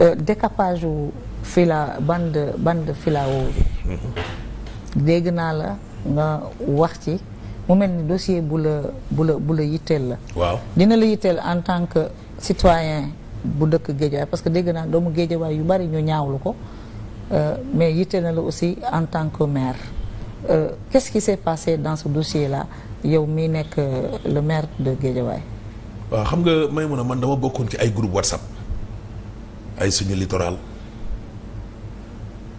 Euh, décapage wu fila band bande filao bi dégg naa la nga wax ci mu mel ni dossier bu la bu la bu la yitteel la waaw dina la yitteel en tant que citoyen bu dëkk géejawaay parce que dégg naa doomu géejawaay yu bari ñu ñaawlu ko euh, mais yitteel na la aussi en tant que maire euh, qu'est-ce qui s'est passé dans ce dossier là yow mii nekk euh, le maire de géejawaay waaw xam nga may mun a man dama bokkoon ci ay groupe WhatsApp ay suñu littoral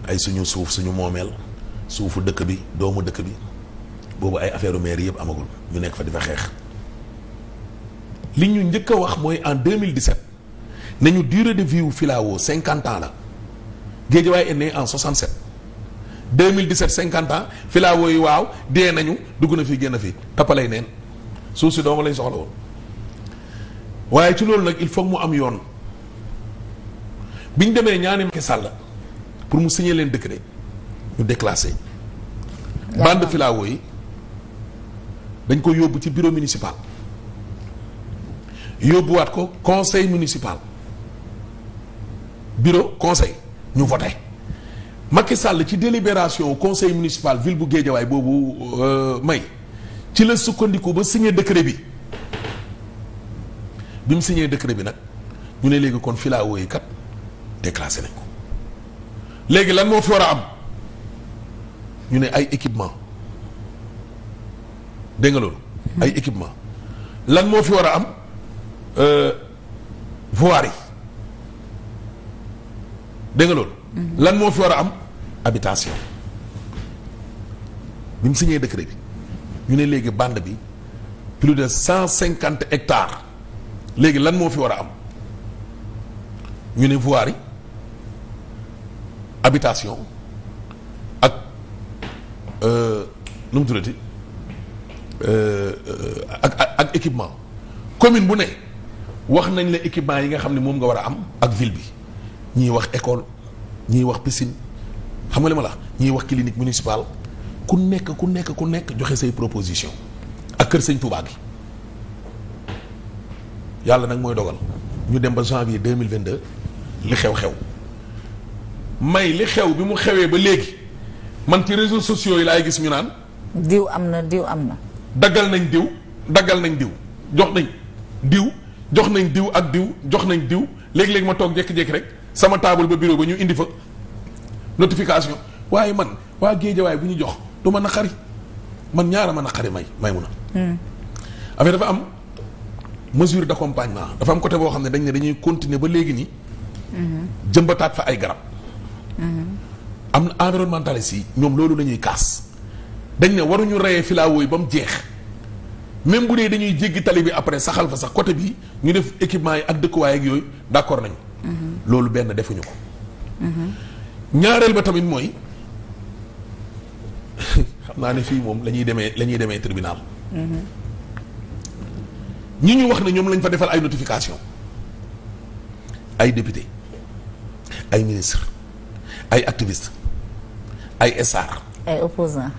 ay suñu suuf suñu moomeel suufu dëkk bi doomu dëkk bi boobu ay affaire maire yëpp amagul ñu nekk fa di fa xeex li ñu njëkk a wax mooy en 2017 nañu dure de vie wu cinquante 50 ans la Guédiawaye waaye né en 67 2017 50 ans filao yi waaw dee nañu dugg na fii génn fi tappalay neen suuf si dooma lañ soxla woon waaye ci loolu nag il faut mu am yoon bi ñu demee ñaani Macky Sall pour mu signer leen décret ñu déclassé. bande filao yi dañ ko yóbbu ci bureau municipal. yóbbuwaat ko conseil municipal bureau conseil ñu voté Macky Sall ci délibération conseil municipal ville bu Guédiawaay boobu euh, may ci la sukkandiku ba signé décret bi bi mu signé décret bi nag ñu ne léegi kon filao yi kat. déclassé nañ ko léegi lan moo fi war a am ñu ne ay équipement dégg ay équipement lan moo fi war a am euh, voirie dégg nga loolu lan moo fi war a am habitation bi mu signé décret bi ñu ne léegi bande bi plus de cent cinquante hectares léegi lan moo fi war a am ñu ne voirie habitation ak euh, nu mu tuddati euh, euh, ak ak équipement commune bu ne wax nañ la équipement yi nga xam ne moom nga war a am ak ville bi ñiy wax école ñiy wax piscine xam nga li ma la ñiy wax clinique municipale ku nekk ku nekk ku nekk joxe say proposition ak kër sëñ Touba gi yàlla nag mooy dogal ñu dem ba janvier deux mille vingt deux li xew-xew. may li xew bi mu xewee ba léegi man ci réseau sociaux yi laay gis ñu naan. diw am na diw am na. daggal nañ diw daggal nañ diw jox nañ diw jox nañ diw ak diw jox nañ diw léegi-léegi ma toog jékki-jékki rek sama taabul ba biro ba ñu indi fa notification waaye man waa géejawaay bu ñu jox du a xari man ñaar ñaara a naqari may may mun a. Hmm. affaire dafa am mesure d'accompagnement dafa am côté boo xam ne dañ ne dañuy continuer ba léegi nii. Hmm. jëmbataat fa ay garab. am na environnementaliste yi ñoom loolu la ñuy kaas dañ ne waruñu reyee filao yi ba mu jeex même bu dee dañuy jéggi tali bi après saxal fa sax côté bi ñu def équipement yi ak dëkkuwaay ak yooyu d'accord nañu. loolu benn defuñu ko. ñaareel ba tamit mooy xam naa ne fii moom la ñuy demee la ñuy demee tribunal. ñi ñu wax ne ñoom lañ fa defal ay notification ay député ay ministre ay activiste ay SR. ay opposants.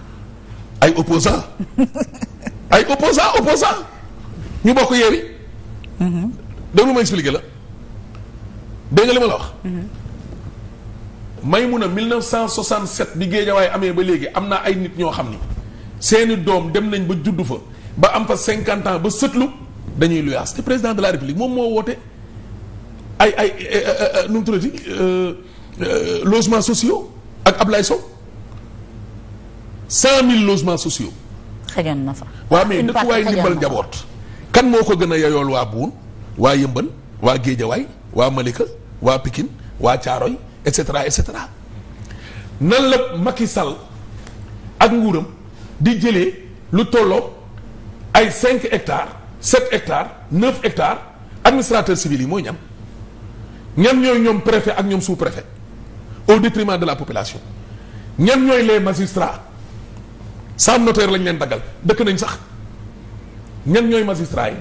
ay opposants ay opposants opposants ñu bokk Yewwi. Mm-hmm. déglu ma expliqué la dégg nga li ma la wax. Mm-hmm. Maymuna 1967 bi waaye amee ba léegi am naa ay nit ñoo xam ni seeni doom dem nañ ba juddu fa ba am fa 50 ans ba sëtlu dañuy luyaas te président de la république moom moo woote ay ay eh, eh, eh, nu mu tuddati. Euh, Euh, logements sociaux ak Ablaye Sow cent mille logements sociaux. xëjoon na fa. waaw ndimbal njaboot. kan moo ko gën a yoyool waa Buun waa Yëmbal waa Géejawaay waa Malika waa Pikine waa Caaroy et cetera et cetera nan la Macky sal ak nguuram di jëlee lu tolloo ay cinq hectares sept hectares neuf hectares administrateur civil yi mooy ñam ñam ñooy ñoom préfet ak ñoom sous préfet. au détriment de la population ñan ñooy les magistrats sans notaire lañ leen daggal dëkk nañ sax ñan ñooy magistrats yi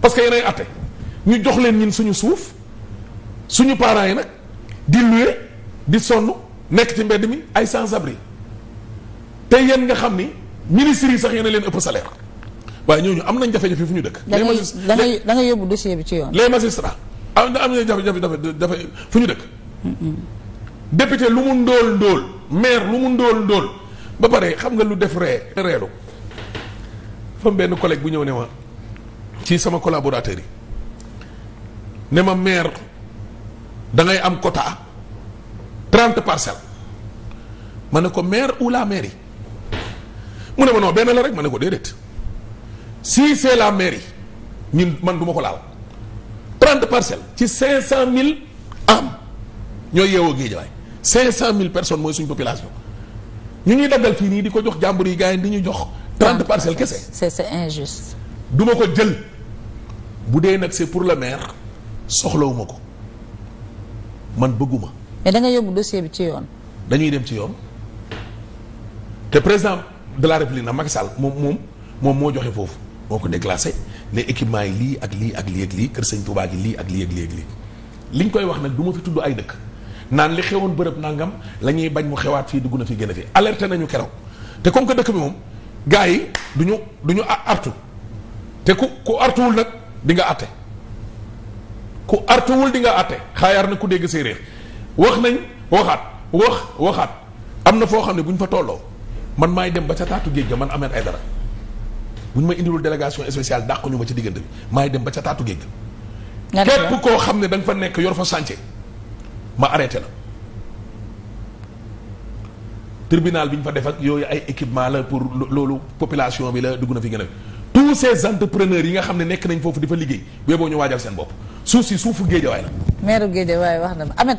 parce que yéenay atte ñu jox leen ñun suñu suuf suñu parents yi nag di louer di sonn nekk ci mbedd mi ay sans abri te yéen nga xam ni ministres yi sax yéen a leen ëpp salaire waaye ñooñu am nañ jafe-jafe fu ñu dëkk. les magis da ngay da ngay yóbbu dossier bi ci yoon. les magistrats am na am nañ jafe-jafe jafe fu ñu dëkk. député lu mu ndóol ndóol maire lu mu ndóol ndóol ba pare xam nga lu def ree reelu fam benn collègue bu ñëw ne ma ci sama collaborateur yi ne ma maire da am quota trente parcelles ma ne ko maire ou la mairie mu ne ma noo benn la rek ma ne ko déedéet si c'est la mairie ñun man du ma ko laal trente parcelle ci cinq cent mille am ñooy yeewoo géejawaay cinq cent mille personnes mooy suñu population ñu ñuy daggal fii nii di ko jox jàmbur yi gars yi di ñu jox trente parcelles kese c'est c'est injuste du ma ko jël bu dee nag c'est pour le maire soxlawuma ko man bëgguma mais da nga yóbbu dossier bi ci yoon dañuy dem ci yoon te président de la république nag Macky moom moom moom moo joxe foofu moo ko déclassé les équipements yi lii ak lii ak lii ak lii kër Sëñ Touba gi lii ak lii ak lii ak lii liñ koy wax nag du ma fi tudd ay dëkk naan li xewoon bërëb nangam la ñuy bañ mu xewaat fii dugg na fi gën a fi alerté nañu keroog te comme que dëkk bi moom gars yi duñu duñu du ñu artu te ku artuwul nag di nga àtte ku artuwul di nga àtte xaayaar na ku dégg séeréer wax nañ waxaat wax waxaat am na foo xam ne bu ñu fa tolloo man maay dem ba ca taatu géej ga man ameen ay dara bu ñu ma indiwul délégation spéciale dàquñu ñu ma ci diggante bi maay dem ba ca taatu géej ga képp koo xam ne da fa nekk yor fa ma arrêté la tribunal bi ñu fa def ak yooyu ay équipement la pour loolu population bi la dugg na fi gën a tous ces entrepreneurs yi nga xam ne nekk nañ foofu di fa liggéey bee boo ñu waajal seen bopp suuf si suufu géejawaay la. maire Géejawaay wax na Amet